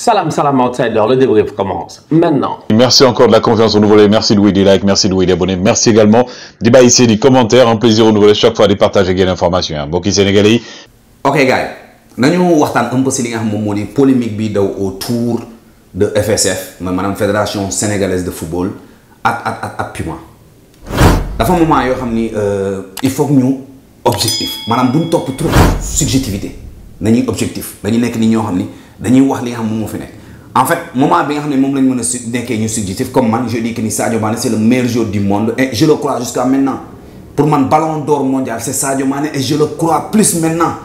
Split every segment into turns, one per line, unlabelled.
Salam, salam, outsider. Le débrief commence maintenant. Merci encore de la confiance renouvelée. Merci Louis du like, merci Louis d'abonner. Merci également du bail ici, du commentaire. Un plaisir renouvelé chaque fois de partager des informations. Beaucoup Sénégalais. Ok, gars. Nous waxtaan un peu si li nga xam moom moo di polémique bi daw autour de FSF mooy maanaam fédération sénégalaise de football ak ak ak ak Puma dafa moment yoo xam ni euh, il faut que ñu objectif maanaam bu ñu topp trop subjectivité nekk ni ñoo xam dañuy wax li nga xam moom moo nga xam ne moom lañ mën a su nekkee ñu subjectif comme man je dis que ni Sadio Mané c' est le meilleur joueur du monde et je le crois jusqu'à maintenant pour man ballon d'or mondial c' est Sadio Mané le crois plus maintenant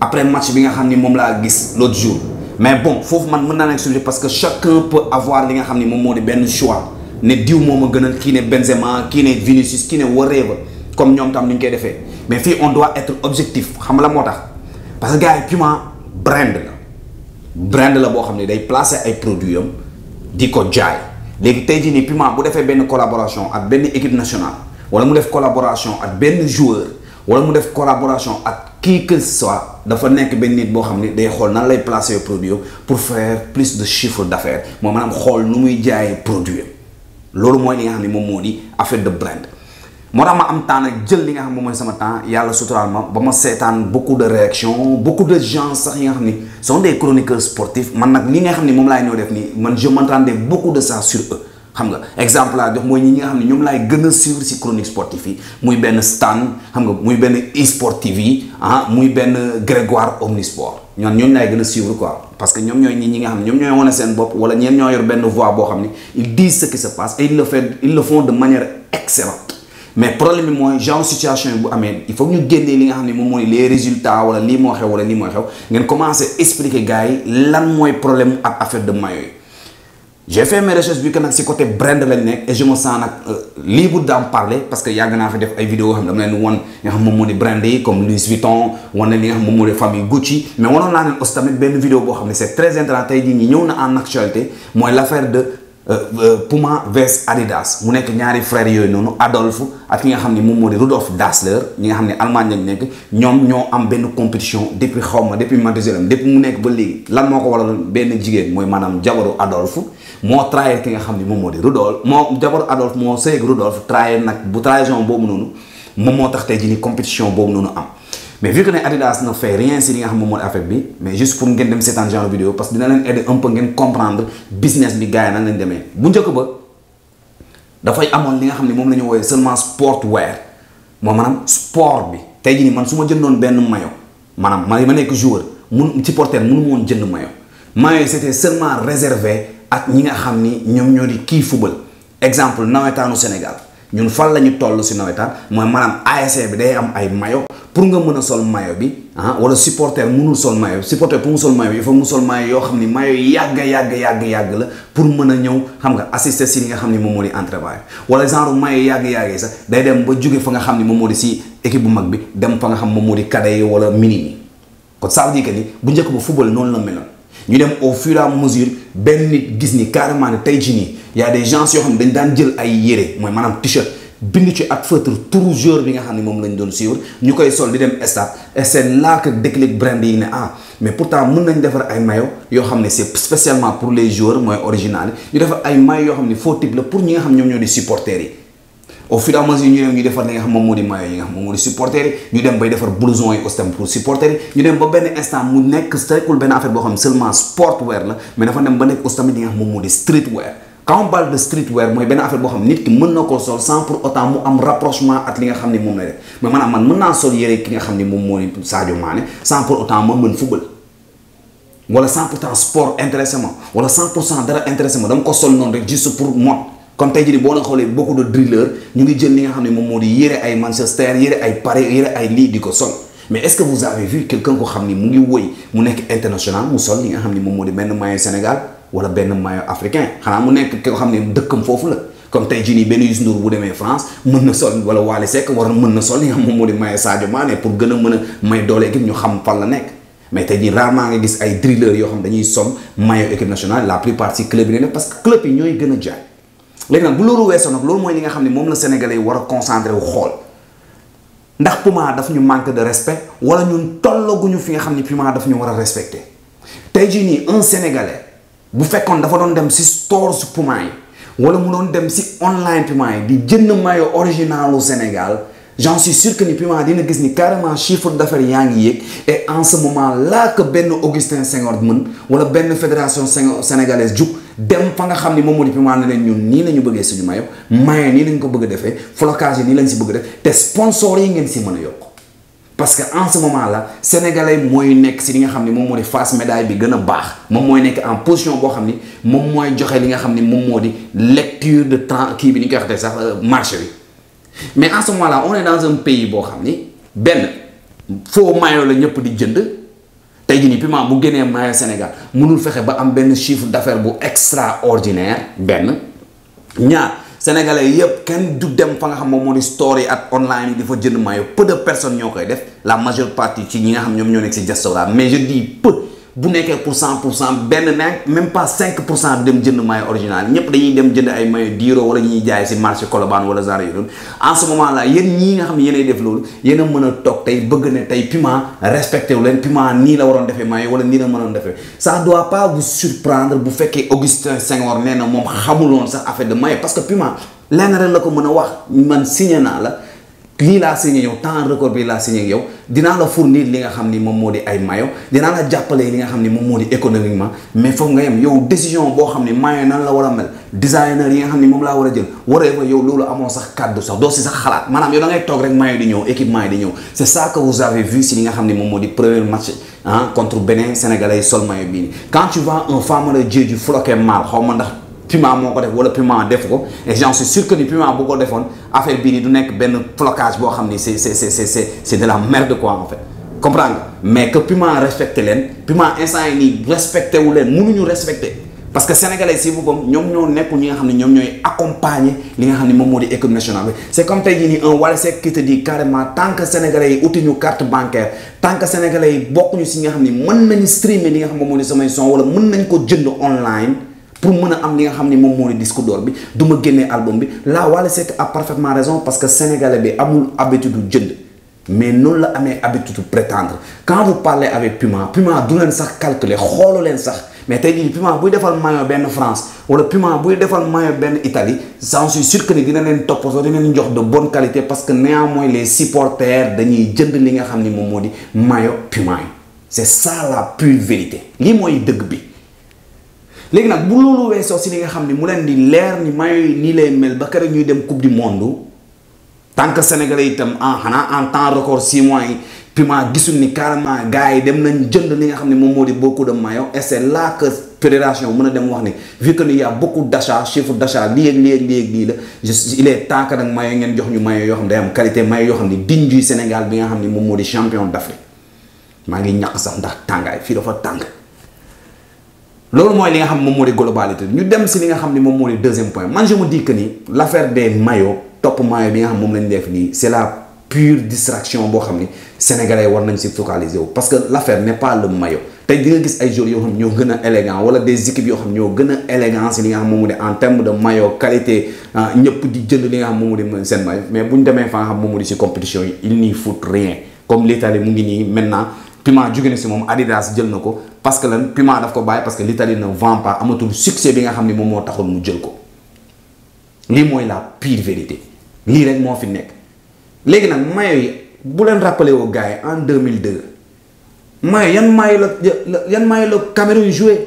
après match bi nga xam ni moom laa gis l' autre jour mais bon foofu man mën naa nekk sujet parce que chacun peut avoir li nga xam ni moom moo di benn choix ne diw moom a gënal kii ne Benzema kii ne Vinicius kii ne whatever comme ñoom ñu koy defee mais fii on doit être objectif la moo tax parce que gars yi brand la boo xam ne day placer ay produits am di ko jaay léegi tey jii nii Puma bu defee benn collaboration ak benn équipe nationale wala mu def collaboration ak benn joueur wala mu def collaboration ak qui que ce soit dafa nekk benn nit boo xam ne day xool nan lay placer produit am pour faire plus de chiffre d'affaires moo maanaam xool nu muy jaayee produit am loolu mooy li nga xam ne moom moo di affaire de brand. moo tax ma am temps nag jël li nga xam moom mooy sama temps yàlla suturaal ma ba ma seetaan beaucoup de réactions beaucoup de gens sax yi nga xam ni sont des chroniqueurs sportifs man nag li nga xam ne moom laay ñëw xam nga exemple laa jox mooy ñi nga xam gën a suivre ci chronique sportive yi muy benn Stan xam nga muy benn e-sportive yi ah muy benn Grégoire Omnisport ñoon ñooñu laay gën a suivre quoi parce que ñoom ñooy ñi ñi nga xam ne ñoom ñooy wane seen bopp wala ñeen ñoo yor benn voix boo xam ne ils disent ce qui se passe et ils mais problème bi mooy genre situation yi bu amee il faut ñu génnee li nga xam ne moom mooy les résultats wala lii moo xew wala lii mooy xew ngeen commencé expliquer gars yi lan mooy problème ak affaire de maillot yi j'ai fait mes recherches bi que nag si côté brand lañ nekk et je me sens nag euh, libre d'en parler parce que yàgg naa fi def ay vidéo xam ne dama leen wan nga xam moom moo di brand yi comme Louis Vuitton wan li nga xam moom moo benn vidéo boo xam ne c'est très intéressant tey jii ñi ñëw na en actualité Euh, euh, Puma vs Adidas mu nekk ñaari frères yooyu noonu Adolphe ak ki nga xam ne moom moo di Rudolf Dassler ñi nga xam ne Allemagne lañ nekk ñoom ñoo am benn compétition depuis xaw ma depuis Mathusalem depuis mu nekk ba léegi lan moo ko waral benn jigéen mooy maanaam jabaru Adolphe moo trahir ki nga xam ne moom moo di Rudolf moo jabaru Adolphe moo sëy ak Rudolf trahir nag bu trahison boobu noonu moom moo tax tey jii ni compétition boobu noonu am. mais vu que ne Adidas ne fait rien si li nga xam moom mooy affaire bi mais juste pour ngeen dem seetaan genre vidéo parce que dina leen aider un peu ngeen comprendre business bi gars yi nan demee bu njëkk ba dafay amoon li nga xam ne moom la ñu woowee seulement sport wear moo maanaam sport bi tey jii nii man su ma jëndoon benn maillot maanaam man ma nekk joueur mun ci porteur mënu ma woon jënd maillot maillot c'était seulement réservé ak ñi nga xam ni ñoom ñoo di kii football exemple nawetaanu Sénégal ñun fan la ñu toll si nawetaan mooy maanaam ASC bi day am ay maillot pour nga mën a sol maillot bi ah wala supporter mënul sol maillot supporter pour mu sol maillot bi il faut mu sol maillot yoo xam ni maillot yàgg yàgg yàgg yàgg la pour mën a ñëw xam nga assister si nga xam ni moom moo di entraînement wala genre maillot yàgg yàgg yi sax day dem ba jóge fa nga xam ni moom moo di si équipe bu mag bi dem fa nga xam moo di cadet yi wala kon ça veut ni bu njëkk ba football noonu la meloon ñu dem au fur et à mesure benn nit gis ni carrément ne tey jii nii y a des yoo xam ne dañ daan jël ay yére mooy maanaam t-shirt bind ci ak feutre turu joueur bi nga xam ne moom lañ doon suivre ñu koy sol di dem stade et c' est brand yi ne ah mais pourtant mën nañ defar ay maillot yoo xam ne c' est spécialement pour ñu yoo xam ne faux type la pour ñi nga xam ñoom ñoo di supporters yi au fur et à ñu dem ñu defar li nga xam moom moo di maillot yi nga xam moom moo di supporters yi ñu dem bay defar blouson yi aussi pour supporters yi ñu dem ba benn instant mu nekk tekkul benn affaire boo xam ne seulement sportwear la mais quand on parle de streetwear mooy benn affaire boo xam nit ki mën na koo am rapprochement moom moo di Sadio Mané sans pour autant ma mën wala sans pourtant sport intéressé ma ko sol noonu rek juste pour mode comme tey jii boo leen xoolee beaucoup de drilleur ñu ngi jël li nga xam ne moom moo di yére ay Manchester yére ay Paris yére ay lii di ko sol mais est-ce que vous avez vu quelqu'un ko xam ni mu ngi woy mu nekk international mu sol li nga xam ni moom moo di benn maillot Sénégal wala benn maillot africain xanaa mu nekk koo xam ne dëkkam foofu la comme tey jii nii benn Youssou Ndour bu demee France mën na sol wala Wally Seck war a mën na sol li nga moom a mën a may doole équipe la nekk mais tey jii rarement nga gis ay drilleur yoo xam dañuy sol maillot équipe nationale la plupart weesoo nag loolu mooy li nga xam ne moom la sénégalais yi war a concentré wu xool ndax Puma daf ñu manque de respect wala ñu tollaguñu fi nga xam ne Puma daf ñu war a respecté tey jii nii un sénégalais bu fekkoon dafa doon dem si stores Puma yi wala mu doon dem si online Puma yi di jënd maillot originalu Sénégal j'en suis sûr que ni Puma dina gis ni carrément chiffre d'affaires yaa ngi yéeg et en ce moment là que benn Augustin Senghor mën wala benn fédération sénégalaise jug dem fa nga xam ni moom moo di Puma ne leen ñun nii la ñu bëggee suñu maillot maillot nii lañ ko bëgg a defee flocage nii lañ si bëgg a def te sponsor yi ngeen si mën a yokk parce que en ce moment là sénégalais mooy nekk si li nga xam ni moom moo di face médaille bi gën a baax moom mooy nekk en position boo xam ni moom mooy joxe li nga xam ni moom moo di lecture de temps kii bi ni ñu koy waxee sax euh, marché bi mais en ce moment dans un pays boo xam ni benn faux maillot la ñëpp di jënd tey jii nii piment bu génnee maillot Sénégal mënul fexe ba am benn chiffre d'affaires bu extraordinaire benn ñaar. sénégalais yëpp kenn du dem fa nga xam moom moo di store yi ak online di fa jënd maillot peu de personnes ñoo koy def la majeure partie ci ñi nga xam ñoom ñoo nekk si diaspora mais je dis peu bu nekkee pour cent pour cent benn nekk même pas cinq pour cent dem jënd maillot original ñëpp dañuy dem jënd ay maillot diiro wala ñuy jaay si marché Colobane wala genre yu doon en ce moment là ñi nga xam ne yéenay def loolu yéen a mën a toog tey bëgg ne tey Puma respecté wu leen Puma nii la waroon defee maillot wala nii la mënoon defee ça doit pas vous surprendre bu fekkee Augustin Senghor nee na moom xamuloon sax affaire de maillot parce que Puma lenn rek la ko mën a wax man signé naa la lii laa signé temps record bi laa signé yow dinaa la fournir li nga xam ni moom moo di ay mayo dinaa la jàppale li nga xam ni moom moo di économiquement mais foog nga yem yow décision boo xam ni mayo nan la war a mel designer yi nga xam ni moom laa war a jël waree fa yow loolu amoo sax kàddu sax doo si sax xalaat maanaam yow da toog rek mayo di ñëw équipement yi di ñëw c'est ça que vous avez vu si nga xam ni moom moo di premier match contre Bénin sénégalais yi sol mayo bii nii quand tu vois un Famara xaw ma ndax Puma moo ko def wala Puma def ko et j'en suis sûr que ni Puma bu ko defoon leen Puma instant yi nii respecté wu que sénégalais si boppam ñoom ñoo nekku ñi nga xam ne ñoom ñooy accompagner li nga xam moom moo di économie nationale bi c'est comme tey jii nii un ñu si nga xam ni mën nañu streamer li nga xam moom moo di samay son wala mën nañ ko jënd online pour mun a am li nga xam ni moom moo di disque d'or bi du ma génnee album bi là Wally Seck a parfaitement raison parce que sénégalais bi amul habitude jënd mais noonu la amee habitude prétendre quand vous parlez avec Puma Puma du leen sax calculer xoolu leen sax mais tey jii Puma buy defal maillot benn France wala Puma buy defal maillot benn Italie j'en suis sûr que dina leen toppatoo dina leen jox de bonne qualité parce que néanmoins les supporters dañuy jënd li nga xam ni moom moo di maillot Puma yi c'est ça la pure vérité lii mooy dëgg bi. léegi nag bu loolu weesoo si li nga xam ne mu leen di leer ni maillot yi nii lay mel ba keroog ñuy dem coupe du monde tant que sénégalais itam en ah, xanaa en temps record six mois yi Puma gisul ni carrément gars yi dem nañ jënd li nga xam ne moom moo di beaucoup de maillot et c'est là que fédération a dem wax ni vu a beaucoup d'achat chiffre d'achat lii ak lii ak lii ak lii la il est nag maillot ngeen jox ñu maillot yoo xam ne day Sénégal bi nga xam ne moom moo di champion d'Afrique maa ngi ñàkk sax ndax tàngaay fii dafa tànk loolu mooy li nga xam moom moo di globalité ñu dem si li nga xam ni moom moo di deuxième point man je me dis que ni l' affaire topp maillot est la pure distraction xam ni sénégalais war nañ si wu parce que l' affaire n' est pas le maillot tey di nga gis ay joueurs yoo xam ñoo gën a élégant wala des équipes yoo xam ñoo gën a élégant si li nga xam moom moo di en terme de maillot qualité ah, ñëpp di jënd li nga xam moom moo di seen maillot mais bu ñu demee fa nga xam moom moo di si compétition il n'y fout rien comme l' mu ngi nii maintenant Puma jóge na si moom Adidas jël na ko parce que lan Puma daf ko bàyyi parce que l'Italie ne vend pas amatul succès bi nga xam ne moom moo taxoon mu jël ko lii mooy la pire vérité lii rek moo fi nekk. léegi nag mayo yi bu leen rappelé woo gars yi en 2002 mayo yan mayo la yan mayo la Cameroun joué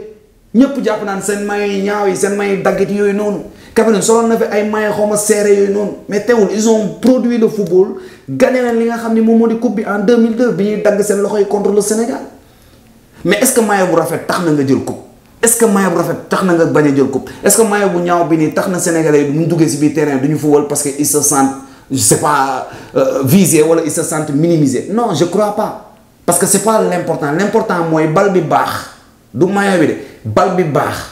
ñëpp jàpp naan seen mayo yi ñaaw yi seen mayo yi daggit yooyu noonu. Cameroun soloon na fi ay maye xaw ma seere yooyu noonu mais teewul ils ont produit le football gagné li nga xam ni moom moo di coupe bi en 2002 bi ñuy dagg seen loxo yi contre le Sénégal mais est-ce que maye bu rafet tax na nga jël coupe est-ce que maillot bu rafet tax na nga bañ a jël coupe est-ce que maillot bu ñaaw bi nii tax na sénégalais yi bu ñu duggee si biir terrain du ñu football parce que ils se sentent je sais pas euh, visés wala ils se sentent minimisés non je crois pas parce que c'est pas l'important mooy bal bi baax du maillot bi de bal bi baax.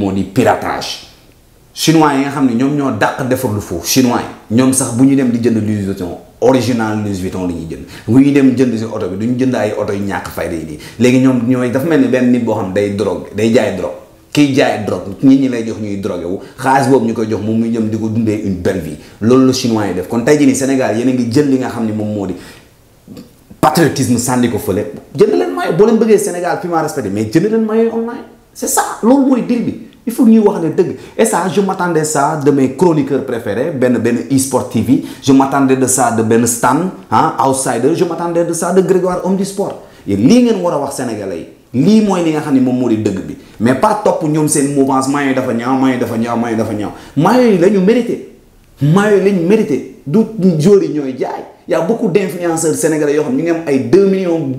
moo di piratage chinois yi nga xam ne ñoom ñoo dàq defar lu foofu chinois yi ñoom sax bu ñu dem di jënd Louis Vuitton original Louis Vuitton la ñuy jënd bu ñu dem jënd si oto bi duñ jënd ay oto yu ñàkk fayda yi nii léegi ñoom ñooy dafa mel ni benn nit boo xam ne day drogue day jaay drogue kiy jaay drogue nit ñi lay jox ñuy drogué wu xaalis boobu ñu koy jox moom mu jëm di ko dundee une belle vie loolu la chinois yi def kon tey jii nii Sénégal yéen a ngi jël li nga xam ne moom moo di patriotisme sànni ko fële jënd leen maillot boo leen bëggee Sénégal fi ma respecté mais jënd leen maillot bi il faut ñuy wax ne dëgg et ça je m'attendais ça de mes chroniqueurs benn benn e-sport TV je m'attendais de ça de benn Stan ah outsider je m'attendais de ça de Grégoire homme du sport yéen lii ngeen war a wax sénégalais yi lii mooy li nga xam ne moom moo di dëgg bi mais pas topp ñoom seen mouvance maillot yi dafa ñaaw maillot dafa ñaaw maillot yi dafa ñaaw maillot yi la ñu mérité yi la ñu mérité du joueurs yi ñooy jaay y a beaucoup d'influenceurs yoo xam ñu ngi am ay 2 millions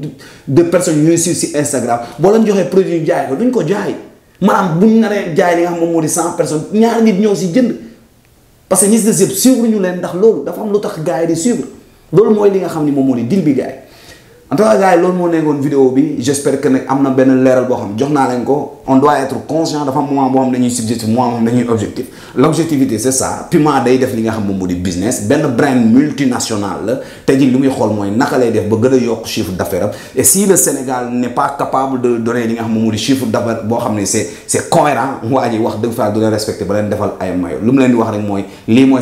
de personnes ñooy boo leen joxee produit ñu jaay ko ko jaay. am bu ñu naree jaay li nga xam moom moo di cent personnes ñaar nit ñoo si jënd parce que ñi si des yëpp ñu leen ndax loolu dafa am lu tax gars yi di suivre loolu mooy li nga xam ni moom moo di dil bi gars en tout cas gars yi loolu moo nekkoon vidéo bi j'espère que nag am na benn leeral boo xam jox naa leen ko on doit être conscient dafa moment boo xam dañuy subjectif moment def li nga xam moom moo di business benn brand multinational la te ji li muy xool mooy naka lay def ba gën a yokk chiffre d'affaires et si le Sénégal n'est pas capable de donner li nga xam moom moo di chiffre d'affaires boo xam ne c'est c'est cohérent waa ji wax dëgg faa du leen respecté ba leen defal ay mayo lu mu leen di wax rek mooy lii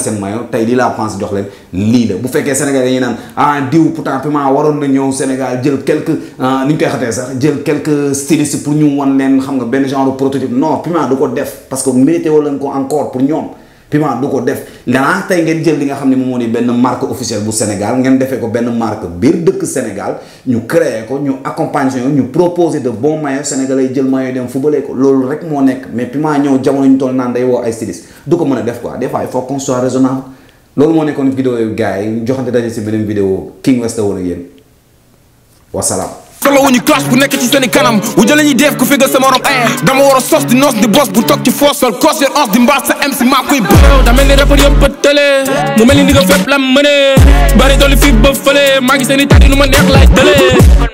tey lii laa pense jox leen lii la bu fekkee Sénégal yi naan ah diw pourtant piment waroon na ñëw Sénégal jël quelque euh, ni ñu koy xatee sax jël quelque styliste pour ñu wan leen xam nga benn genre prototype no piment du ko def parce que mérité wala ko encore pour ñoom piment du ko def danaa tey ngeen jël li nga xam ne moom moo nii benn marque officielle bu Sénégal ngeen defee ko benn marque biir dëkk Sénégal ñu créer ko ñu accompagner ñu proposer de bons maillots sénégalais yi jël maillot dem fubalee ko loolu rek moo nekk mais piment ñëw jamono ñu toll naan day woo ay styliste du ko mën a def quoi des fois loolu moo nekkoon vidéo yu gars yi joxante daje si beneen vidéo King West la woon ak yéen wasalaam. solo wuñu clash bu nekk ci seeni kanam wu jële ñuy def ku fégal sama morom aye eh. dama war a sos di noos di bos bu toog ci foos sol coos yor onze di mbaas sa MC maa koy bëréew da mel ni rappeur yëpp a tële mu mel ni ndigal fépp la mëne bari dolli fii ba fële maa ngi seeni tàddi lu ma neex laaj dële